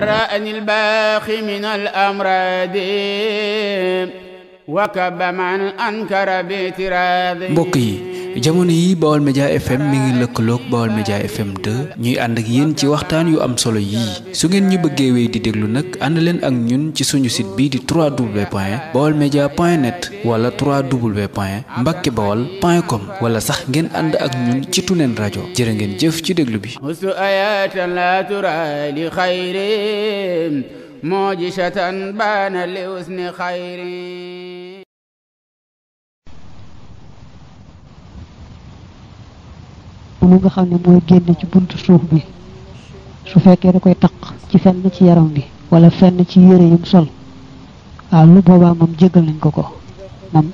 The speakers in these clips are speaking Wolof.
برأني الباخي من الأمراض وكب من أنكر باعتراضه بقي jamono yi Baol Média FM mi ngi lëkkaloog Baol Média FM 2 ñuy ànd ak yéen ci waxtaan yu am solo yii su ngeen ñu bëggee wéy di déglu nag ànd leen ak ñun ci suñu site bii di www.baolmedia.net wala www.mbackebaol.com wala sax ngeen ànd ak ñun ci tuneen rajo jërë ngeen jëf ci déglu bi. موجشة بان لحسن خير lu nga xam ne mooy génn ci buntu suuf bi su fekkee da koy taq ci fenn ci yaram bi wala fenn ci yére yum sol waaw ah, lu boobaa moom jéggal nañ ko ko moom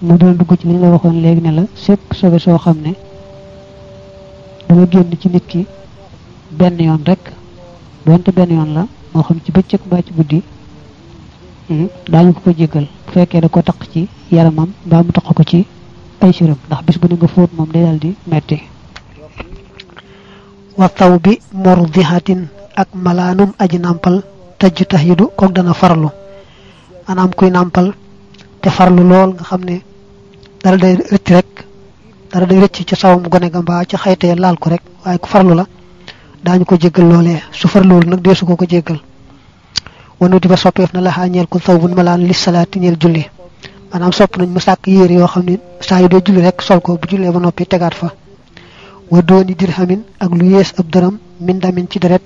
mu doon dugg ci li ñu la waxoon léegi ne la sépp sobe soo xam ne dama génn ci nit ki benn yoon rek donte benn yoon la moo xam ci bëccëg mbaa ci guddi hmm, daañu ko ko jéggal bu fekkee da ko taq ci yaramam mbaa mu taq ko ci ay siram ndax bis bu ne nga fóot moom day daal di metti wa taw bi murdihatin ak malaanum aji nàmpal tajju tahyidu kook dana farlu maanaam kuy nàmpal te farlu lool nga xam ne dara day rëcc rek dara day rëcc ca sawam gone ga mbaa ca xaytee laal ko rek waaye ku faralu la daañu ko jéggal loolee su farluwul nag deesu ko ko jéggal wanuti ba soppeef na la xaañeel ko saw buñ malaan li salaati ñeel julli maanaam sopp nañ mu sàkk yére yoo xam ne saa yu dee julli rek sol ko bu jullee ba noppi tegaat fa wa di dirhamin ak lu yées ab dërëm min damin ci deret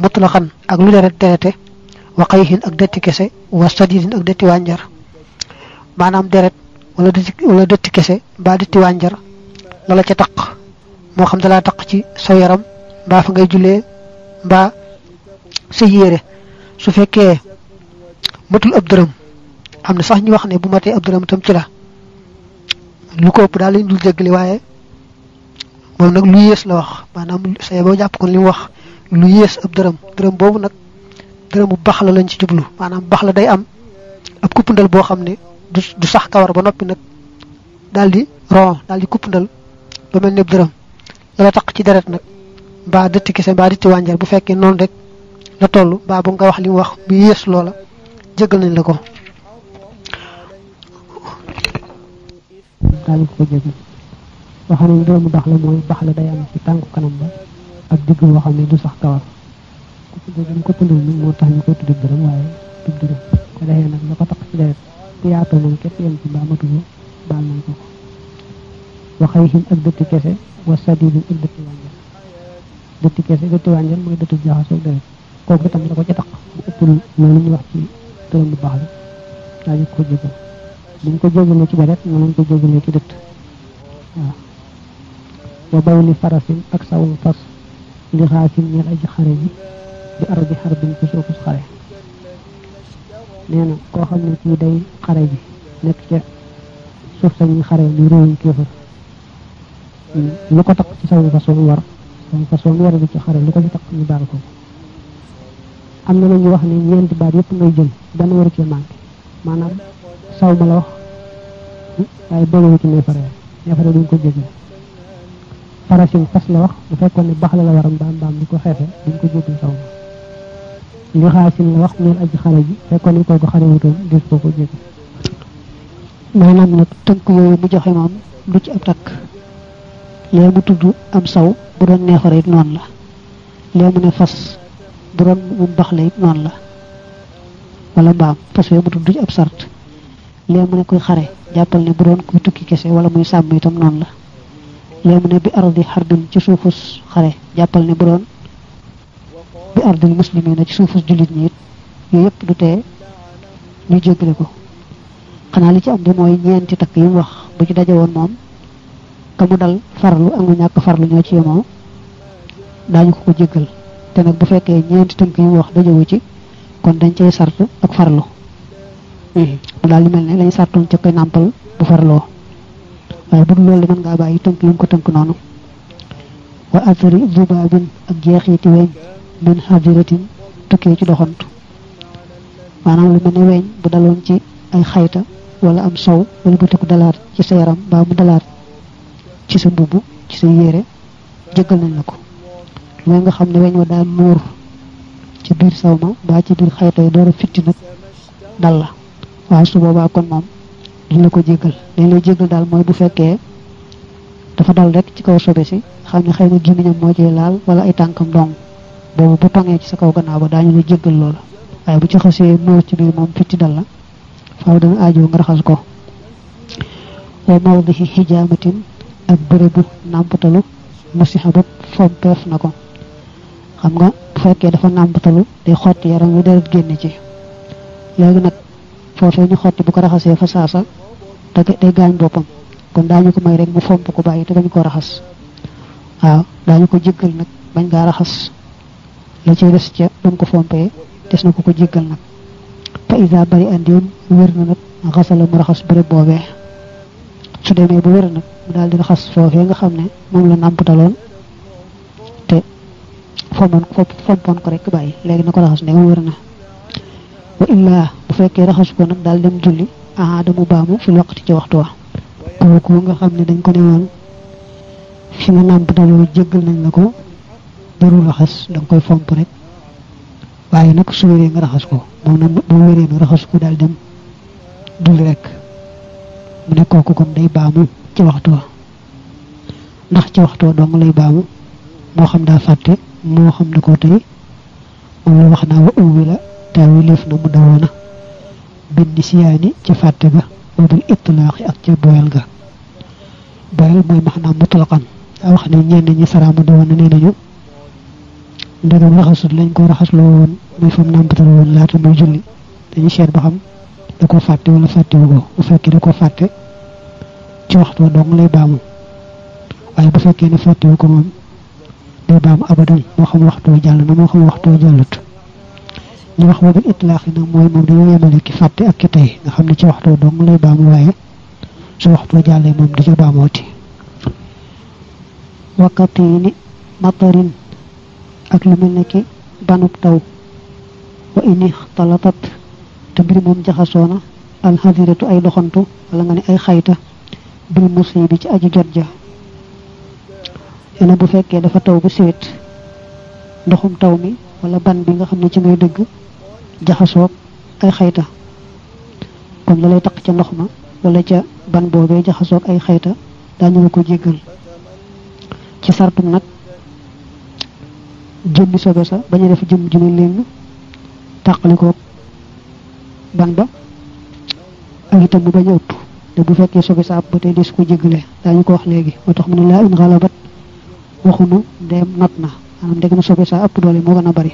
mutlaxan ak lu deret derete wa xayhin ak detti kese wa sadidin ak detti wànjar maanaam deret wala detti wala detti kese mbaa detti wànjar lala ca taq moo xam dalaa taq ci saw yaram mbaa fa ngay jullee mbaa sa yéere su fekkee matul ab dërëm am na sax ñu wax ne bu matee ab dërëm tam ci la lu ko ëpp daal lañ dul jéggale waaye loolu nag lu yées la wax maanaam say boo jàpp kon li wax lu yées ab dërëm dërëm boobu nag dërëm bu bax la lañ ci jublu maanaam bax la day am ab kuppandal boo xam ne du sax kawar ba noppi nag daal di ron daal di kuppandal ba mel ne dërëm la tax ci deret nag mbaa dëtti kese mbaa dëtti wànjar bu fekkee noonu rek la toll mbaa bu nga wax li mu wax mu yées loola jëgal nañ la ko nga xam ne doomu bax la mooy bax la day am ci tànku kanam ba ak digg boo xamni du sax kawar ko ci dum ko tundu nag moo tax ni ko tudde dara way du dërëm ko defee nak la tax ci deret ku yaatoo moom képp yem ci baamatu ko baal nañ ko wa xayhin ak dëtti kesse wa sadidu ak dëtti wàññal kesse kese dëtti moy mooy dëtti jaxasoo ko ko tam la ci tax ko ëppul mo ñu wax ci dërëm bu baax la daa ko jégal buñ ko jégalee ci mo noonu ko jégalee ci dëtt waaw wa bawli farasin ak sawul fas li xaasin ñel aji xare ji di harbi xarbin ci suufus xare neena ko xamni ci day xare ji nekk ca suuf sañuy xare ni rew kéefar hmm, lu ko tak ci sawul fas mu war sawul fas mu war di ci xare lu ci tak ni dal ko am na lañu wax ni ñent baat yépp ngay jël benn war ci manki manam saw ma la wax hmm, ay bëggu ci ne neefare neefare duñ ko jëgël farasin fas la wax bu fekkoon ne bax la la waram mbaam mbaam di ko xeefe duñ ko jéggal saw ma li xaasin la wax ñeen aji xare ji fekkoon ne kooku xare ko ko jéggal maanaam tënk yooyu bu joxe moom du ci ab takk lee mu tudd am saw bu doon neexare la lee mu ne fas bu doon mu bax la it noonu la wala mbaam fas yooyu mu tudd ci ab sart lee mu ne kuy xare jàppal ne bu doon kuy tukki kese wala muy sàmm itam noonu la léemu ne bi ardi harbin ci suufus xare jàppal ne bu bi ardil muslimina ci suufus julit ñi yu yépp du tee ñu jéggale ko xanaa li ci am di mooy ñeenti takk yi mu wax bu ci daje moom ka mu dal farlu am nga ñàkk farlu ñoo ci yemoo daañu ko ko jéggal te nag bu fekkee ñeenti tënk yi mu wax dajewu ci kon dañ cay sartu ak farlu hmm. daal li mel ne lañ sartoon ca koy nàmpal bu farloo waaye bu dul loolu mën ngaa bàyyi tënk yi mu ko tënk noonu wa athari zubaabin ak jeexiti weñ min hadiratin tukkee ci doxantu maanaam lu mel ne weñ bu daloon ci ay xayta wala am sow wala bëtiku dalaat ci sa yaram mbaa mu dalaat ci sa mbubb ci sa yére jëggal nañ la ko mooy nga xam ne weñ wa daal muur ci biir saw ma mbaa ci biir xayta yi door fitti nag dal la waaye su boobaa kon moom dina ko jéggal dañ lay jéggal daal mooy bu fekkee dafa dal rek ci kaw sobe si xam ne xëy na gémmiñam moo ciy laal wala ay tànkam dong boobu bu tongee ci sa kaw gannaaw ba daañu la jéggal loola waaye bu ci xasee noor ci biir moom fitti dal la faaw dana aajoo nga raxas ko wa mawdihi hijaamatin ak bërëbu nàmpatalu musiha ba fompeef na ko xam nga bu fekkee dafa nàmpatalu day xotti yaram wi deret génn ci léegi nag foofee ñu xotti bu ko raxasee fa saasa da day boppam kon daañu ko may rek mu fomp ko bàyyi te bañ koo raxas waaw daañu ko jéggal nag bañ ngaa raxas la ci des ca ba ko fompee des na ko ko jéggal nag fa isa bari andiwum wér na nag xasala mu raxas bërëb boobee su demee bu wér nag mu daal di raxas foofee nga xam ne moom la nàmpataloon te fompoon ko fompoon ko rek bàyyi léegi na ko raxas ne moom wér na wa illaa bu fekkee raxasu ko nag daal dem julli aadamu baamu fi waqti ci waxtu wa kooku nga xam ne dañ ko ne woon fi nga nàmptaloo jéggal nañ la ko jarul raxas da koy fomp rek waaye nag su wéree nga raxas ko moom nag bu ko daal dem dul rek mu ne kooku kon day baamu ci waxtu wa ndax ci waxtu wa dong lay baamu moo xam daa fàtte moo xam na ko tey moom la wax naa wa uwi la taawi liif na mu dawoona bindisiyaani ci fatte ba o bil itlaq ak ci boyal ga boyal moy makhna mutlaqan daa wax ni ñen ñi saraamu do woon nañu ndëru raxasut lañ ko raxas lo won muy fam won la ta muy julli dañu seet ba xam da ko fatte wala fàttewu ko bu fekkee da ko fatte ci waxtu dong lay baamu waaye bu fekkee ne fàttewu ko mom day baamu abadan mo xam waxtu jall na mo xam waxtu jàllut li mahmudul itlaq nak moy mom dañu yemale ki fatte ak ki tay nga xamni ci waxtu dong lay baamu waye su waxtu jalle mom di ci baamoti wakatini matarin ak lu melni ki banub taw wa ini ikhtalatat tabir mom jaxasona al hadiratu ay doxantu wala nga ni ay xayta bil musibi ci aji jot ja ina bu fekke dafa taw bu sewet ndoxum taw mi wala ban bi nga xamne ci ngay deug jaxaso ay xeyta kon la lay tak ci ndox ma wala ca ban boobee jaxaso ay xeyta daañu la ko jéggal ci sartu nag jëmmi sobe sa bañu def jëm ju ne léng ban ba ak itam mu bañ a ëpp te bu fekkee sobe sa ba tey des ko jéggale daañu ko wax léegi moo tax mu ne laa in xalabat waxunu ndeem not na maanaam na sobe sa ëpp doole moo gën a bari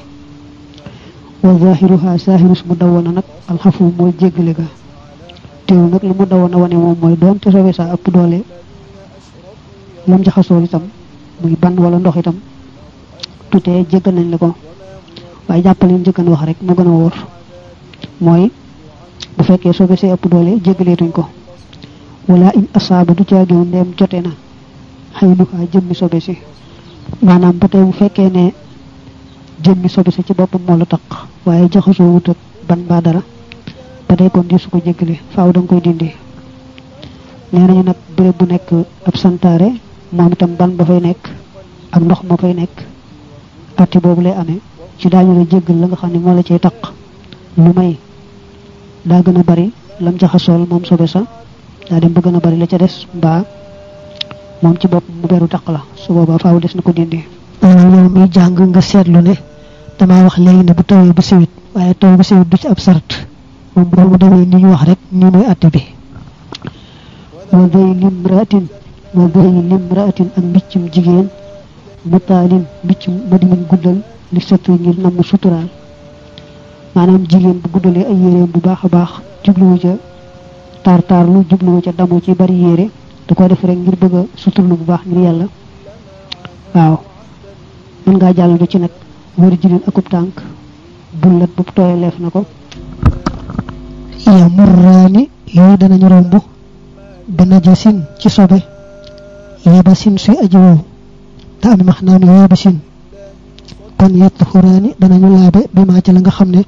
wa zahiruha zahirus mu dawoon nag alxafu mooy jéggale ga teew nag lu mu dawoon a wane moom mooy doonte sobe sa ëpp doole lam jaxasoo itam muy ban wala ndox itam tutee jéggal nañ la ko waaye jàppaleen jëkkan wax rek mu gën a wóor mooy bu fekkee sobe see ëpp doole jéggaleetuñ ko wala in asaaba du caagin ndeem jote na xëy dukaa jëmmi sobe si maanaam ba tey bu fekkee ne jëmmi sobi sa ci boppam mo la takk waaye jaxasoo wut ban ba dara da day kon di su ko jéggale faaw dang koy dindi néna ñu nak bëre bu nekk ab santaré moom tam ban ba fay nekk ak ndox ma fay nekk atti bobu lay amé ci dañu la jéggal la nga xamni mo la cey taq lu may da gëna bari lam jaxasool moom sobe sa da dem bu gëna bari la ca dess ba moom ci bopp bu bëru taq la su boba faaw dess na ko dindi ñu mi jang nga seetlu ne dama wax léegi ne bu tawee bu siwit waaye taw bu siwit du ci ab sart moom boobu demee ni ñu wax rek ni muy atte bi wa day limraatin wa day limraatin ak mbiccum jigéen mbiccum ba di mun guddal li sëtt ngir namm suturaal maanaam jigéen bu guddalee ay yéreem bu baax a baax ca tar lu jubluwu ca damu ci bari yére du ko def rek ngir bëgg a suturlu bu baax ngir yàlla waaw mën ngaa ci nag warjulin akub tànk bullat bu tooyaleef na ko ya murraani yooyu danañu romb bi najasin ci sobe yabasin suy aji te am max naan yabasin kon yett xuraani danañu laabe bi maa ci la nga xam ne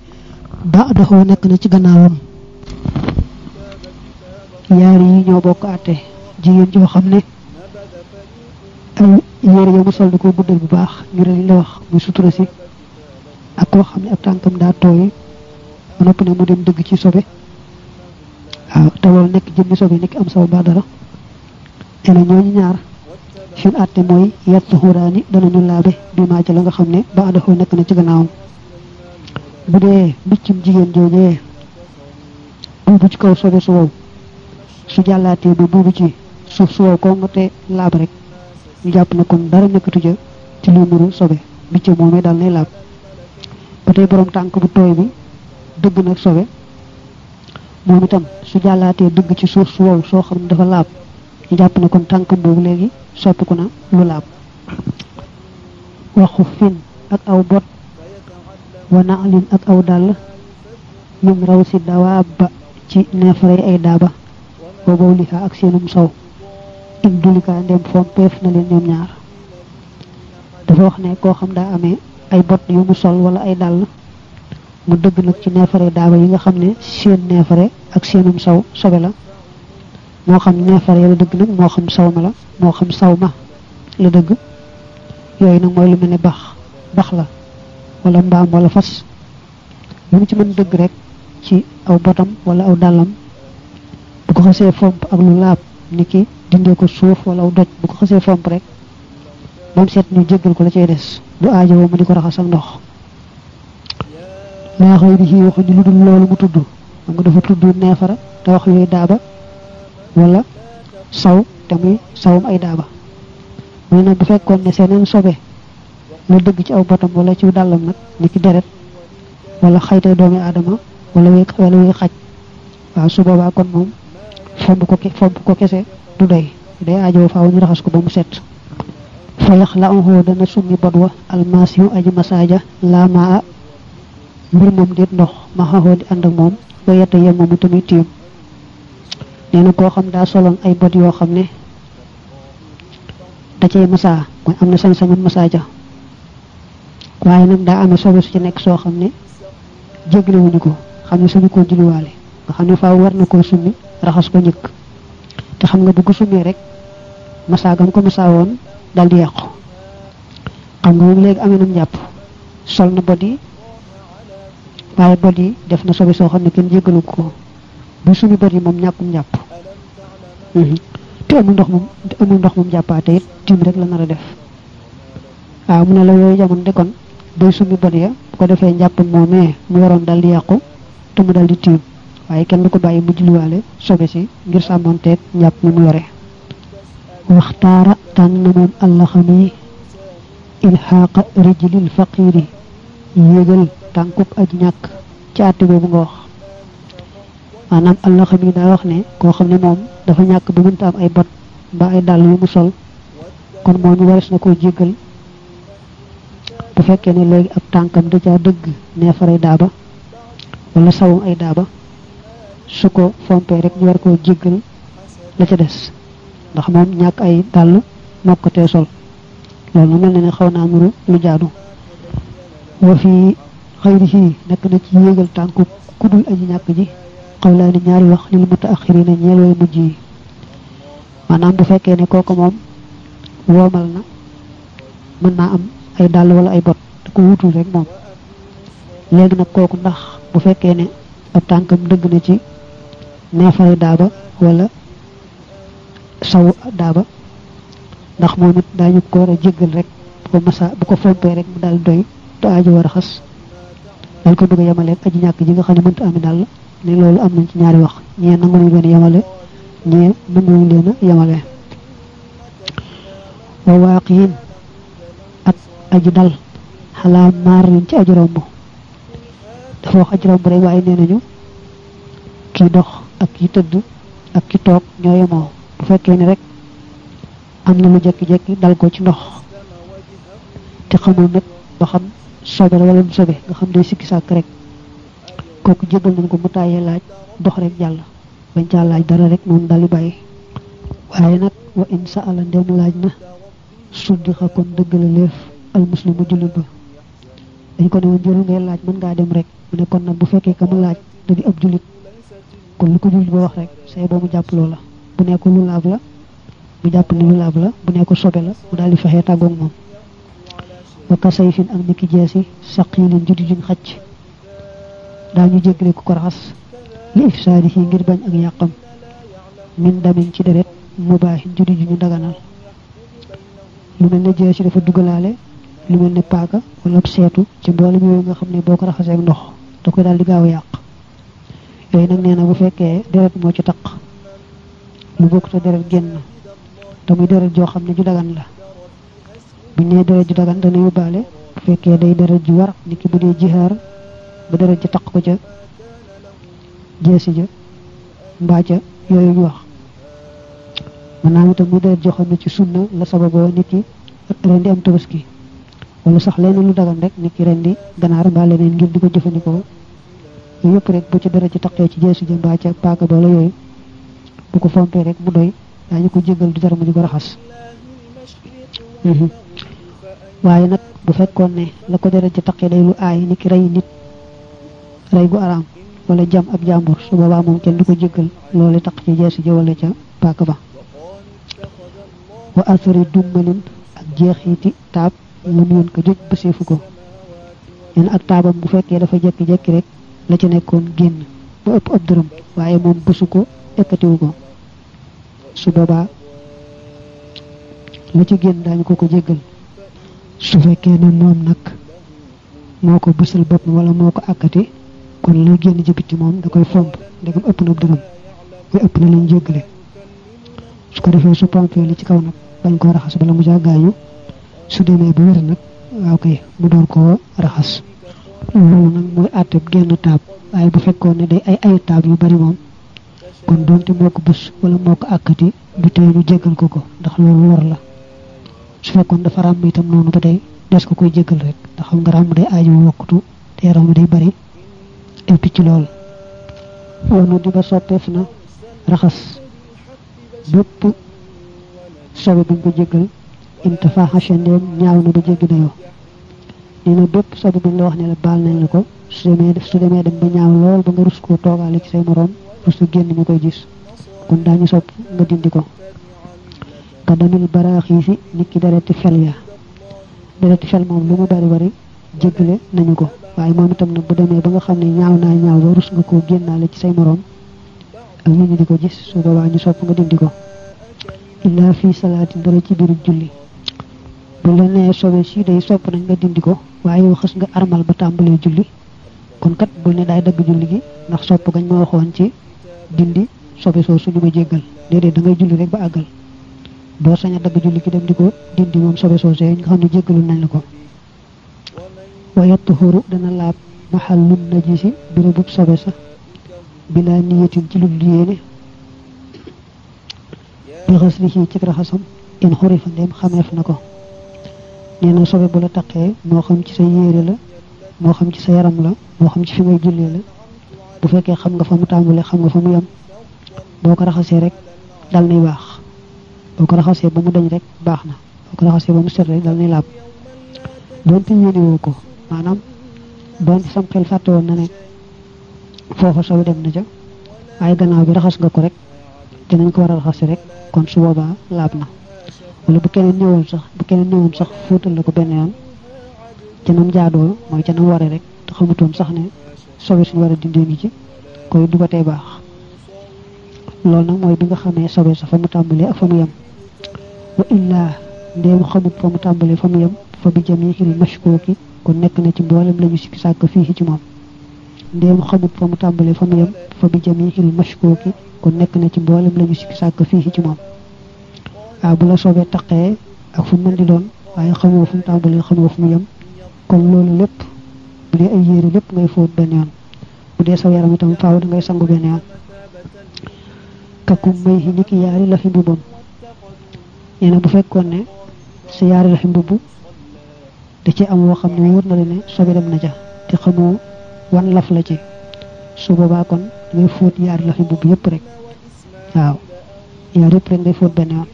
ba doxoo nekk na ci gannaawam yaari yi ñoo bokk àtte jigéen joo xam ne am yéere yow nga sol ko guddal bu baax ñu dañ la wax muy sutura si ak koo xam ne ab tànkam daa nopp ne mu dem dëgg ci sobe waaw te loolu nekk jëmmi sobe nek am saw baa dara nee na ñooñu ñaar seen àtte mooy yett xuraani danañu laabe bi maa ca la nga xam ba adaxoo nekk na ci gannaawam bu dee mbiccum jigéen joojee buubu ci kaw sobe su wow su jàllaatee ci suuf su ko nga te laab rek ñu jàpp na kon dara nekkatu ja ci lu nuru sobe bi ca moomee daal nay laab ba tey borom tànk bu tooy bi dëgg nag sobe moom itam su jàllaatee dëgg ci suuf su wow soo xam ne dafa laab jàpp ne kon tànk boobu léegi ko na lu laab waxu fin ak aw bot wa naalin ak aw dàll min raw si dawaaba ci neefaray ay daaba wa bawliha ak seenum sow in dulika ndem fompeef na leen ñoom ñaar dafa wax ne koo xam daa amee ay bot yu mu sol wala ay dàll mu dëgg nag ci neefare daaba yi nga xam ne seen neefare ak seenum saw sobe la moo xam neefare la dëgg nag moo xam saw ma la moo xam saw ma la dëgg yooyu nag mooy lu mel ne bax bax la wala mbaam wala fas lu mu ci mën dëgg rek ci aw botam wala aw dàllam bu ko xasee fomp ak lu laab niki dindee ko suuf wala doj bu ko xasee fomp rek ba seet set ñu jéggal ko la cay des du aajo mu di ko raxas ak ndox laa xëy di ci waxuñu lu tudd xam tudd neefara te wax yooyu daaba wala saw te muy sawum ay daaba mais nag bu fekkoon ne seeneen sobe la dëgg ci aw botam wala ci dàllam nag ni ki deret wala xaytay doomi aadama wala wala wéy xaj waaw su boobaa kon moom fomp ko fomp ko kese du doy day aajo faaw ñu raxas ko ba mu set fa yaxla'uhu dana summi badwa almasiyu aji masaja la ma mbir mom déet ndox ho di and ak mom ba yetta yem moomu tamit tim neena ko xam da soloon ay bot yo xamne ne da cay masa, mooy amna na sañ-sañu masaaja waaye nag daa amee sobe ci nek so xamne ne ko suñu koo julliwaale nga xamne war na ko summi raxas ko te xam nga bu ko sumee rek masaagam ko nyapu, dal di xam nga leg sol na body waaye body def na sobi so xamne ken jéggalu ko bu sumi body moom ñap jàpp mhm. te amul ndox moom amul ndox mom jàppaate it tim rek la nara def a mu na la yoy jamon de kon day sumi body ya ko defé ñap momé mu waron dal di yàqu tu mu dal di tim waaye kenn du ko bàyyi mu julliwaale sobe si ngir sàmmonteeg njàpp ni mu lore waxtaara tànn na moom allah xam yi ilxaaqa rijlil faqiiri yéegal tànkub aj ñàkk ci àtte boobu nga wax maanaam allah xam yi daa wax ne koo xam ne moom dafa ñàkk ba mënta am ay bot mbaa ay dàll yu mu sol kon moo ñu waris na koo jégal bu fekkee ne léegi ab tànkam da caa dëgg neefaray daaba wala sawum ay daaba su ko fompee rek ñu war koo jéggal la ca des ndax moom ñàkk ay dàll mokk tee sol loolu mel na ne xaw naa mu lu jaadu wa fi xayri fii nekk na ci yéegal tànku kudul aji ñàkk ji xawlaa ni ñaari wax lil mutaaxirina ñeel way mujj yi maanaam bu fekkee ne kooku moom woomal na mën naa am ay dàll wala ay bot te ko wutul rek moom léegi nag kooku ndax bu fekkee ne ak tànkam dëgg na ci neefaru daaba wala sawu daaba ndax moom it daañu ko war a jéggal rek bu ko masa bu ko fompee rek mu daal doy te aajo war a xas daal ko bëgg a yemale ñàkk ji nga xam ne mënta ame daal ne loolu am nañ ci ñaari wax ñee nangu nañu leen yemale ñee nanguwuñ leen a yemale wa waaq yin aji dal xalaa maar yin ci aji romb dafa wax aji romb rek waaye nee nañu kii dox ak ki tëdd ak ki toog ñoo yemoo bu fekkee ni rek am na lu jekki-jekki dal ko ci ndox te xamul nag ba xam sobe la wala mu sobe nga xam day sikki sàkk rek kooku jégal nañ ko mu tàyyee laaj dox rek jàll bañ caa laaj dara rek moom dal di bàyyi waaye nag wa in ndew mu laaj na suddixa kon dëgg la leef al muslimu jullit ba dañ ko ne woon jëru ngay laaj mën ngaa dem rek mu ne kon nag bu fekkee ka mu laaj da di ab jullit kon lu ko jullit wax rek say bo mu japp lola bu nekku lu laaf la bu japp ni lu laaf la bu nekku sobe la mu daal di fexe tàggoog moom wa kasayfin ak niki jesi saqil judi juñ xacc daañu jéggale ku ko raxas li ifsaadihi ngir bañ ak yaqam min damin ci deret mubah judi juñu daganal lu ne dafa dugalaale lu ne paga wala setu ci mboolem ñu nga xam boko raxé ak ndox da ko dal di gaaw yaq yooyu nak neena bu fekke deret mo ci tak mu bokk ta deret genn to muy deret jo xamne ne ju dagan la bu ne deret ju dagan dana yóbbaale bu fekkee day deret ju war niki bu dee jihaar deret ci tak ko ca jesi ja mba ja yoy yu wax manam to bu deret jo xamne ci sunna la sababoo niki rendi am tobaski wala sax leneen lu dagan rek niki rendi ganar ba leneen ngir di ko yëpp rek bu ci dara ci taqee ci jeesi jë mbaa ca paaka bala yooyu bu ko fompee rek bu doy ñu ko jëggal du dara mu ñu ko raxas mhm. waaye nag bu fekkoon ne la ko dara ci taqee day lu aay ni ki rey nit rey gu araam wala jam ak jàmbur su boobaa moom kenn du ko jéggal loolu taq ci jeesi jë wala ca paaka ba wa asari dummalin ak jeexiti taab mun yoon ko joj bëseefu ko ñen ak taabam bu fekkee dafa jekki-jekki rek la ci nekkoon génn ba ëpp ab dërëm waaye moom bësu ko ekkatiwu ko su boobaa la ci génn daañu ko ko jéggal su fekkee ne moom nag moo ko bësal bopp wala moo ko kon lay génn ci bitti moom da koy fomp ndegam ëpp na ab dërëm way ëpp na lañ jéggale su ko defee su pompee li ci kaw nag bañ ko raxas bala mu jaa gaañu su demee ba wér nag waaw kay mu door koo raxas loolu nag mooy àtteb génn taab waaye bu fekkoon ne day ay ayu taab yu bari moom kon doonte moo ko bés wala moo ko àkkati du tey ñu jéggal ko ko ndax loolu war la su fekkoon dafa ràmm itam noonu ba tey des ko koy jéggal rek ndax xam nga ràmm day aaju wokkutu te yaram day bari ay picc lool wonu di ba soppeef na raxas bépp bu buñ ko jéggal inta faaxa ndeem ñaaw na ba jéggi dayoo nee nag bépp sabu buñ la wax ne la baal nañ la ko su demee su demee dem ba ñaaw lool ba nga rus koo toogaale ci say moroom rus ko génn ñu koy gis kon daa ñu sopp nga dindi ko kadamil baraax yi si nit ki dereti fel ya dereti fel moom lu mu bari bari jéggale nañu ko waaye moom itam nag bu demee ba xam ne ñaaw naa ñaaw ba rus nga koo ci say moroom ak nit ñi di ko gis su waa ñu sopp nga dindi ko illaa fii salaatin dara ci biiru julli bu la nee sobe ci day sop nañ nga dindi ko waaye yow nga armal ba tàmbalee julli kon kat bu ne day dag julli gi ndax sop gañ mo waxon ci dindi sobe so suñu ma jéggal dédé da ngay julli rek ba agal doo saña dag julli gi dem di dindi mom sobe so sé nga xam jéggal jéggalul nañ la ko wa yatuhuru dana la mahallun najisi birabub sobe sa bila niyatin ci lul yéene bi xaslihi ci raxasam in xurifa ndem xamef nako nee na sobe bu la taqee moo xam ci sa yére la moo xam ci sa yaram la moo xam ci fi ngay jullee la bu fekkee xam nga fa mu tàmbalee xam nga fa mu yem boo ko raxasee rek dal nay baax boo ko raxasee ba mu dañ rek baax na boo ko raxasee ba mu set rek dal nay laab doonte yéene woo ko maanaam doonte sam xel fàtte woon na ne foofa sobe dem na ca waaye gannaaw bi raxas nga ko rek dinañ ko war a raxase rek kon su boobaa laab na wala bu keneen ñëwoon sax bu keneen ñëwoon fóotal la ko benn yoon ca mooy ca nam waree rek te xamutoon sax ne sobe suñu war a dindee ngi ci koy du ko baax loolu nag mooy bi nga xamee sobe sa fa mu tàmbalee ak fa mu yem wa illaa fa mu yem fa bi jami xiri ki kon nekk na ci mboolem la sikki sàkk fii ci moom ndéem xamut fa mu tàmbalee fa mu yem fa bi jami xiri mashkooki kon nekk na ci mboolem la sikki sàkk fii ci moom waaw ah, bu la soobee taqee ak fu mën di doon waaye xamoo fu mu xamoo fu mu yem kon loolu lépp bu dee ay yére lépp ngay fóot benn yoon bu dee saw yaram itam faaw da ngay sangu benn yoon kakku may xi niki yaari la fi mbubbam nee bu fekkoon ne si yaari la fi mbubb da ci am woo xam ne wóor na la ne sobe dem na ca te xamoo wan laf la ci su boobaa kon ngay fóot yaari la fi mbubb yëpp rek waaw yaari yëpp rek ngay fóot benn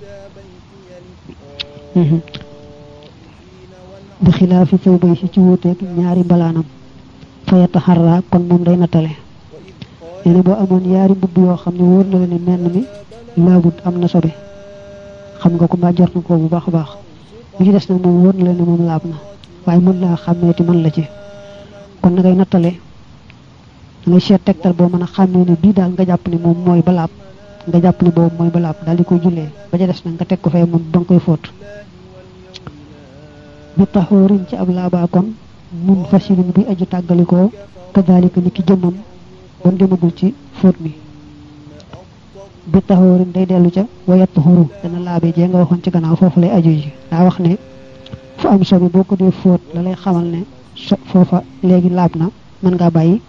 Mhm. bi xilaafi thawbayhi ci ak ñaari balanam fa yataharra kon mom day natale neena boo amon yaari mbubb yoo xam ne wóor na la ne menn mi laabut am na sobe xam nga ko ma jort ko bu baax a baax mi ci dess na mom wóor na la ne moom laab na waaye la xamé xàmmeeti man la ci kon na ngay nattale ngay seet tegtal boo mën a xàmmee ne bii nga japp ni mom moy nga japp ni bo moy dal di koy julé ba ci dess na nga tek ko fay mom koy bu taxoorin ci ab laaba mun fasilin bi aju tàggalikoo kadalika ni ki jëmmam bon demagul ci fot bi bu taxoorin day delu ca wayat taxoru dana laabe je nga waxon ci gannaaw fofu lay aju ji da wax ne fu am sobi boko ko fot la lay xamal ne fofa legi labna na nga bayyi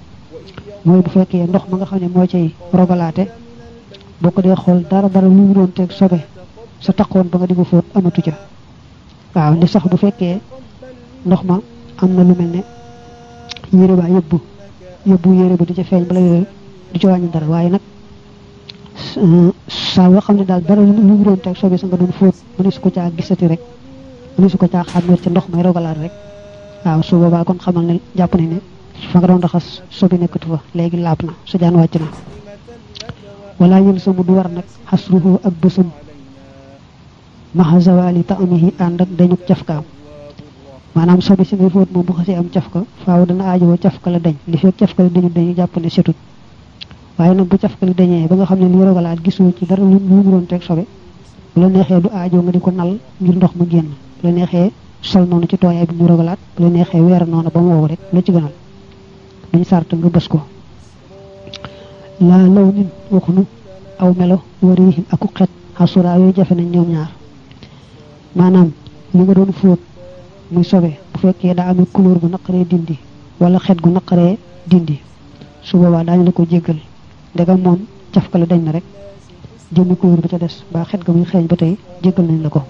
moy bu fekke ndox ma nga xamne mo cey cay boko de xol dara dara lu ñu doon tek sobe sa taxoon ba nga digu fot amatu ca waaw li sax bu fekkee ndox ma am na lu mel ne yére ba yóbbu yóbbu yére ba di ca feeñ bala yooyu di ca wàññi dara waaye nag saa yoo xam ne daal dara lu mu doon teg soobee sa nga doon fóot mënu su ko caa gisati rek mënu su ko caa xàmmee ca ndox may rogalaat rek waaw su boobaa kon xamal ne jàpp nañ ne fa nga doon raxas sobi nekkatu fa léegi laab na su jaan wàcc na wala yël sa mu du war nag xasruhu ak bësam maxa zawali taamihi ànd ak dañu cafkaam maanaam sobi si ngay fóot moom bu xasee am cafka faaw dana aajowoo cafka la dañ li fekk cafka la dañu dañu jàpp ne setut waaye nag bu cafka li dañee ba nga xam ne liy rogalaat gisoo ci dara lu mu doon teg sobe bu la neexee du aajoo nga di ko nal ngir ndox mu génn bu la neexee sol noonu ci tooyaay bi ñu rogalaat bu la neexee weer noonu ba mu wow rek la ci gënal duñ sart nga bës ko laa law nin waxunu aw melo wariihin aku xet xasura yooyu jafe nañ ñoom ñaar maanaam li nga doon fóot muy sobe bu fekkee daa amee couleur bu naqaree dindi wala xet gu naqaree dindi su boobaa daañu la ko jéggal ndegam moom cafkale dañ na rek jënd couleur ba ca des ba xet ga muy xeeñ ba tey jéggal nañ la ko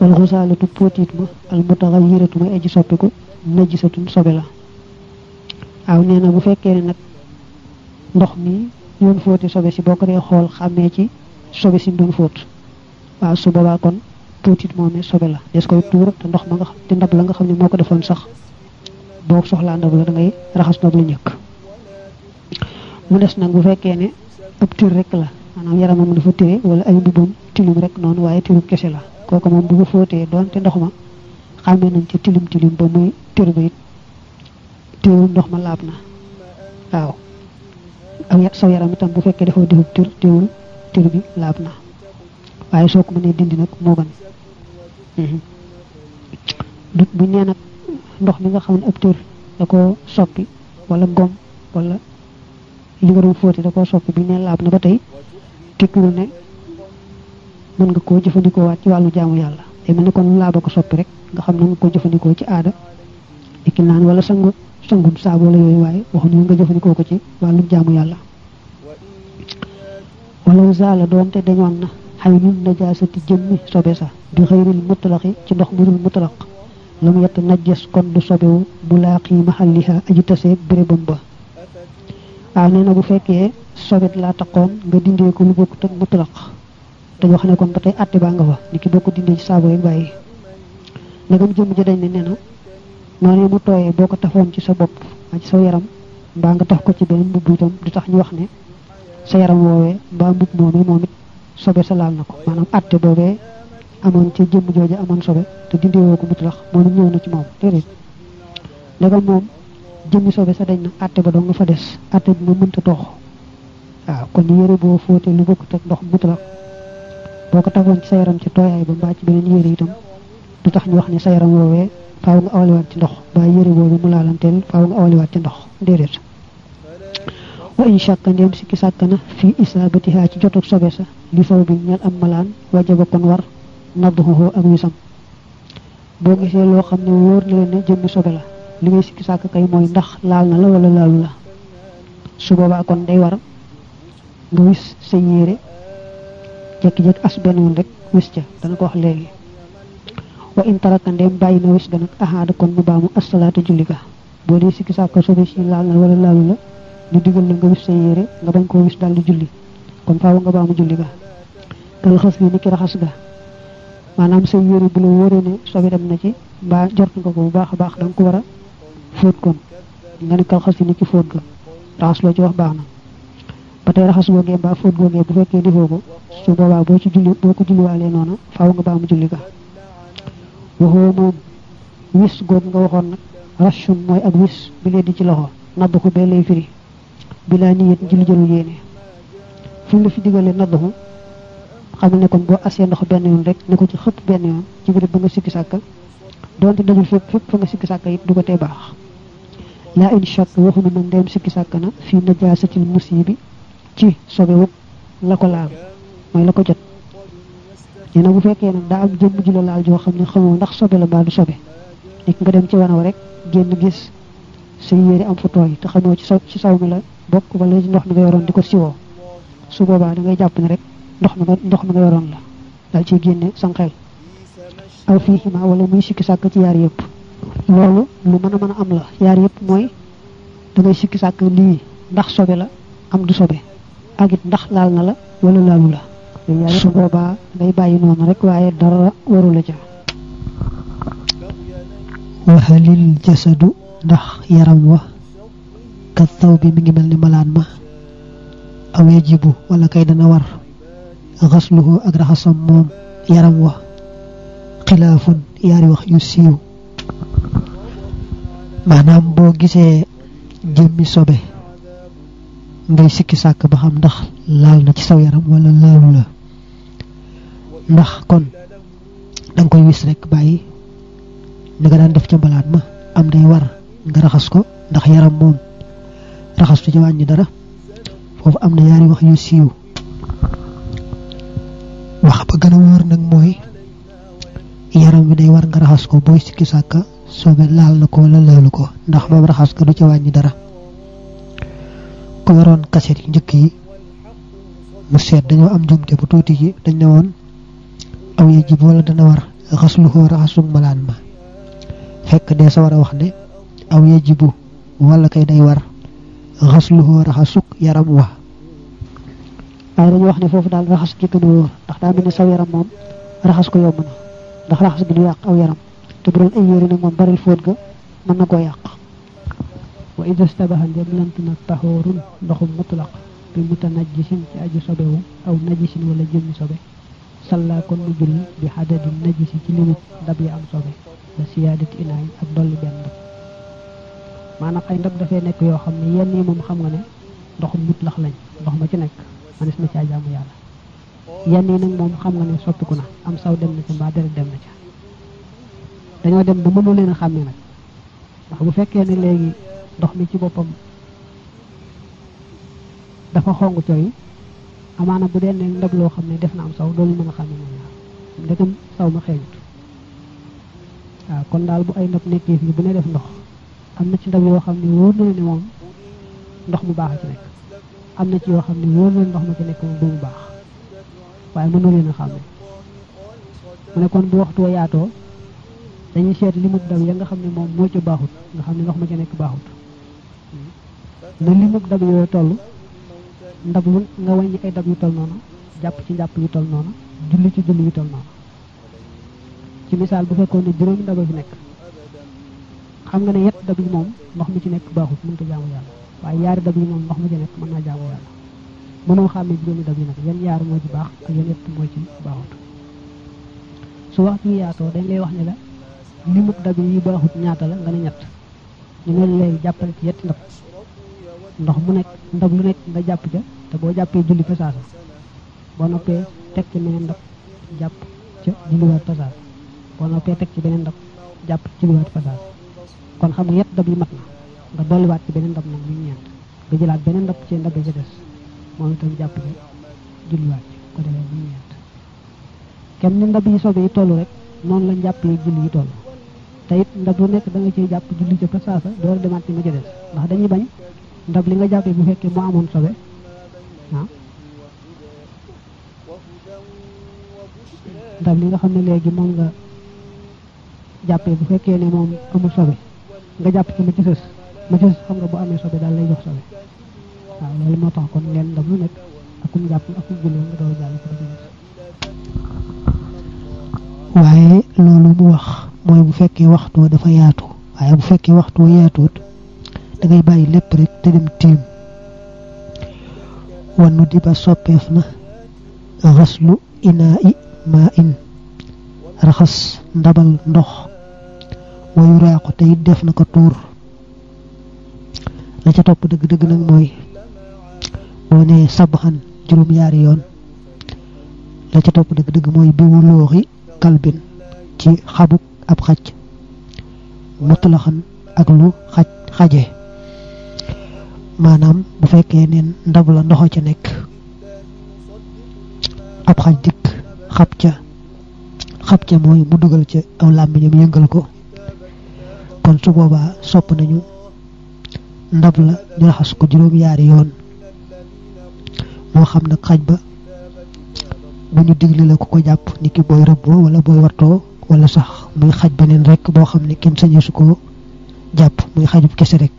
wal xusaalatu póotiit ma al mutaxayyiratu mooy aji soppiku najisatun sobe la aw nee na bu fekkee ne nag ndox mi yoon fóoti sobe si boo ko dee xool xàmmee ci sobe si doon fóot waaw su boobaa kon tuutit moom sobe la des koy tuur te ndox ma nga xam te ndab la xam ne moo ko defoon sax boo soxlaa ndab la da ngay raxas ndab lu ñëkk mu des nag bu fekkee ne ab tur rek la maanaam yaramam dafa tire wala ay mbubbam tilim rek noonu waaye tilim kese la kooku moom bu ko fóotee doonte ndox ma xàmmee nañ ci tilim tilim ba muy tur ba it ndox ma laab na waaw ak saw yaram itam bu fekkee defoo defub tur teewul tur bi laab na waaye sook ko mënee dindi nag moo gën mhm. dut bu nee nag ndox mi nga xam ne ab da ko soppi wala gom wala li nga doon da ko soppi bi ne laab na ba tey tekkiwul ne mën nga koo jëfandikoo waat ci wàllu jaamu yàlla day mel kon laaba ko soppi rek nga xam ne nga ko jëfandikoo ci aada iki naan wala sangu sangun saabu wala yooyu waaye waxuñu nga jëfandikoo ko ci wàllu jaamu yàlla wala zaala doonte dañoon na xaynul najaasati jëmmi sobe sa bi xëyril mutlaqi ci ndox mu dul mutlaq lam yett najjas kon du sobewu mu laaqi mahalliha aji tasee bérébam ba waaw nee na bu fekkee sobet laa taqoon nga dindee ko lu bokkut ak mutlaq dañu wax ne kon ba tey àtte baa nga fa ni ki boo ko dindee ci saabu rek bàyyi nagam jëmm ji dañ ne nee na noonu mu tooyee boo ko tafoon ci sa bopp ak ci sa yaram mbaa nga tax ko ci beneen mbubb itam du tax ñu wax ne sa yaram woowee mbaa mbubb sobe sa nako manam ko maanaam atte boobee amon ci jëm jojé amon sobe te dindé wo ko mutlax mo ñëw na ci moom déedéet ndegam mom jëm sobe sa dañ na atte ba do nga fa dess atte bi moom mënta toox ko ñu yéré bo foté lu bokk teg ndox mutlax boo ko tagoon ci sayaram ci toyay ba mbaa ci beneen yére itam du tax ñu wax ni sayaram wowe woowee faaw nga awaliwaat ci ndox ba yéré bo mu laalantel faaw nga wat ci ndox déedéet wa in shakka ndem sikki fi isabatiha ci jotok sobe sa li faw bi ñal am malan wajaba kon war nadhuhu ak wisam bo gisé lo ne na la ne sobe la li ngay sikki sàkk kay moy ndax laal na la wala laalu la su boba kon day war nga wis sa yéere jek as benn rek wis ca dana ko wax léegi wa in taraka ndem bàyyi na wis ga nag ahaada kon mu baamu as-salatu julika bo di sikki sàkk sobe ci laal na wala laalu la ñu digal la nga wiss sa yere nga bañ ko wiss dal di julli kon faaw nga baamu julli ga kal khas bi ni ki raxas ga manam sa yere bu la wóoree ne sobe dem na ci ba jort nga ko bu baax a baax ko wara a kon nga ni kal khas bi ni ki fóot ga raxas lo ci wax baax na ba tey ge ba mbaa go ge bu fekke di ko su boobaa bo ci julli boo ko julliwaalee noonu faaw nga baamu julli ga waxoo mo wiss go nga waxon nag rachun mooy ak wiss bi leen di ci loxo nabb ko be lay firi bilaa niyet ngir jëlu yéene fu mu la fi digalee nadduxu xam ne kon boo asee ndox benn yoon rek ne ko ci xëpp benn yoon ci biir ba nga sikki sàkk donte dajul fépp fépp fa nga sikki sàkk it du ko tee baax laa in shakk waxuñu ma ndeem sikki sàkk na fii najaasatil musibi ci sobewub la ko laal mooy la ko jot nee na bu fekkee nag daa am jëmm ji la laal joo xam ne xamoo ndax sobe la mbaa du sobe nekk nga dem ci wanaw rek génn gis say yére am fu tooy te xamoo ci saw ci saw mi la bokk wala ndox nga yoron diko siwo su boba da ngay japp ne rek ndox nga ndox nga yoron la dal ci genné san xel aw ci ma wala muy sikki sàkk ci yar yépp lolu lu mëna mëna am la yar yépp moy da ngay sikki sàkk li ndax sobe la am du sobe ak ndax laal na la wala laalu la su boba ngay bayyi non rek waye dara waru la wa wahalil jasadu ndax yaram wa ka taw bi mi ngi mel malan ma aw yajibu wala kay dana war ghasluhu ak rahasam mom yaram wa xilaafun yari wax yu siiw manam bo gisee jëmmi sobe ngay sikki sak ba xam ndax lal na ci saw yaram wala laalu la ndax kon dang koy wiss rek bayyi nga daan def ci balat ma am day war nga raxas ko ndax yaram mom raxastu ci wañu dara fofu am yari wax yu siiw wax ba gëna a nak moy yaram bi day war nga raxas ko boy sikki saka sobe laal nako ko wala ko ndax moom raxas ko du ci wañu dara ko waron kasset yi njëkk mu sét dañu am jumte bu tuti ji dañ ne won aw dana war ko raxasug malan ma fekk dee sa war wax ne aw ji bu wala kay day war غسله رخصك يا ربوة أي رجوع حنا فوق دال رخص كيكدو دخل من سوي رمم رخص كي يومنا دخل رخص كي يق أو يرم تبرون أي يرين من بر الفوق من نقويق وإذا استبه اليمن تنا الطهور لهم مطلق بمتنجس كأجي صبه أو نجس ولا جن صبه صلى كن مجل بحدد النجس كلمة دبي أم صبه وسيادة إناي أبدال بيان دبي maanaam ay ndab dafay nekk yoo xam ne yenn yi moom xam nga ne ndoxum mutlax lañ ndox ma ci nekk manis na caa jaamu yàlla yenn yi nag moom xam nga ne soppiku na am saw dem na ca dem na ca dañoo dem ba mënu leen a xàmme nag ndax bu fekkee ne léegi ndox mi ci boppam dafa xong coy amaana bu dee ne ndab loo xam ne def na am saw doolu mën a xàmme moom ñaar saw ma xeeñut waaw kon daal bu ay ndab nekkee fii bu ne def ndox am na ci ndab yoo xam ne wóor na ne moom ndox mu baax a ci nekk am na ci yoo xam ne wóor na ndox ma ci nekk moom mu baax waaye mënoo leen a xam mu nekkoon kon bu waxtu wa yaatoo dañuy seet limu dab ya nga xam ne moom mooy ci baaxut nga xam ne ndox ma ci nekk baaxut na limu dab yooyu toll ndab lu nga wàññi ay dab yu toll noonu jàpp ci njàpp yu toll noonu julli ci julli yu toll noonu ci misaal bu fekkoon ne juróomi ndaba fi nekk xam nga ne yett dab yi moom ndox mi ci nekk baaxut mënuta jaamu yàlla waaye yaari dab yi moom ndox mi ci nekk mën naa jaamu yàlla mënoo xàmmee juróomi dab yi nag yan yaar moo ci baax ak yan yett moo ci baaxut su waxtu wi yaatoo dañ lay wax ne la limub dab yi baaxut ñaata la nga ne ñett ñu ne léegi jàppale ci yetti ndab ndox mu nekk ndab lu nekk nga jàpp ca te boo jàppee julli fa boo noppee teg ci meneen ndab jàpp ca julliwaat fa ci beneen ndab jàpp ci julliwaat fa kon xam nga yett dab yi mat nga dolliwaat ci beneen ndab nag muy ñeent nga jëlaat beneen ndab ci ndab ci des moom itam jàpp ci kenn ni ndab yi sobe yi toll rek noonu la jàppee yi julli yi toll te ndab lu nekk dangay nga ciy jàpp julli ca saasa door demaat ci ma ca des ndax dañuy bañ ndab li nga jàppee bu fekkee moo amoon sobe ah nga xam ne léegi moom nga bu fekkee ne moom amul sobe nga lay jox sobe waaye loolu mu wax mooy bu fekkee waxtu dafa yaatu waaye bu fekkee waxtu yaatuut da ngay bàyyi lépp rek te dem tiim wannu di soppeef na xaslu inaa i maa in raxas ndabal ndox wayu raaqu te def na ko tuur la ca topp dëgg-dëgg nag mooy boo nee sabaxan juróom yaari yoon la ca topp dëgg-dëgg mooy bi wu looxi kalbin ci xabuk ab xaj mutlaxan ak lu xaj xaje maanaam bu fekkee ne ndab la ndoxo ca nekk ab xaj dikk xab ca xab ca mooy mu dugal ca aw làmmiñam yëngal ko kon su boobaa sopp nañu ndab la ñu ko juróom-yaari yoon moo xam nag xaj ba bu ñu digle la ku ko jàpp ni ki booy rëbboo wala booy wartoo wala sax muy xaj beneen rekk boo xam ne kenn sañu su ko jàpp muy xajub kese rek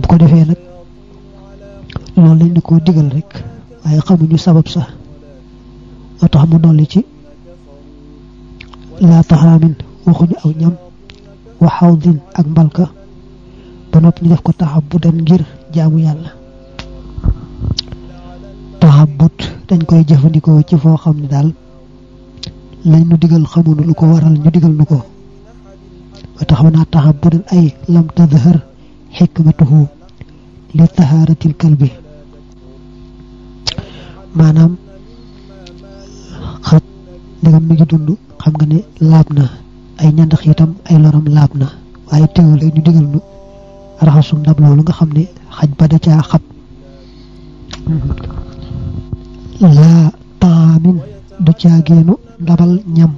bu ko defee nag loolu lañ di ko digal rek waaye xamuñu sabab sax moo tax mu dolli ci laa taxaamin waxuñu aw ñam waxaw din ak mbalka ba noppi ñu def ko taxabudan ngir jaamu yàlla taxabut dañ koy jëfandikoo ci foo xam ni daal lañ nu digal xamuñu lu ko waral ñu digal nu ko ba taxaw naa taxabudan ay lam tadhar xikmatuhu li tahaaratil kalbi maanaam xat ndegam mi ngi dund xam nga ne laab na ay ñandax itam ay loram laab na waaye teewul ñu digal nu raxasum ndab loolu nga xam ne xaj ba da caa xat laa taamin du geenu ndabal ñam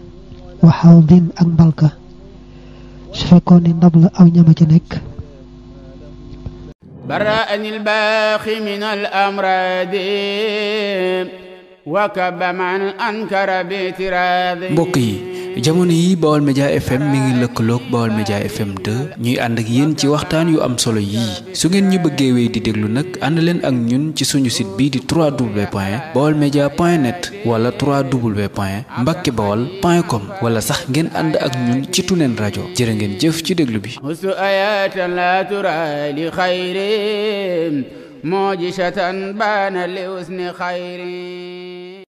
wa din ak mbalka su fekkoon ne ndab la aw ñama ca nekk برأني الباخي من الأمراض وكب من أنكر باعتراضي بقي jamono yi Baol Média FM mi ngi lëkkaloog Baol Média FM 2 ñuy ànd ak yéen ci waxtaan yu am solo yii su ngeen ñu bëggee wéy di déglu nag ànd leen ak ñun ci suñu site bii di 3w point baolmedia point net wala 3w point mbàkke baol point com wala sax ngeen ànd ak ñun ci tuneen rajo jërë ngeen jëf ci déglu bi musu ayatan la tura li xayri mujisatan baana li usni xayri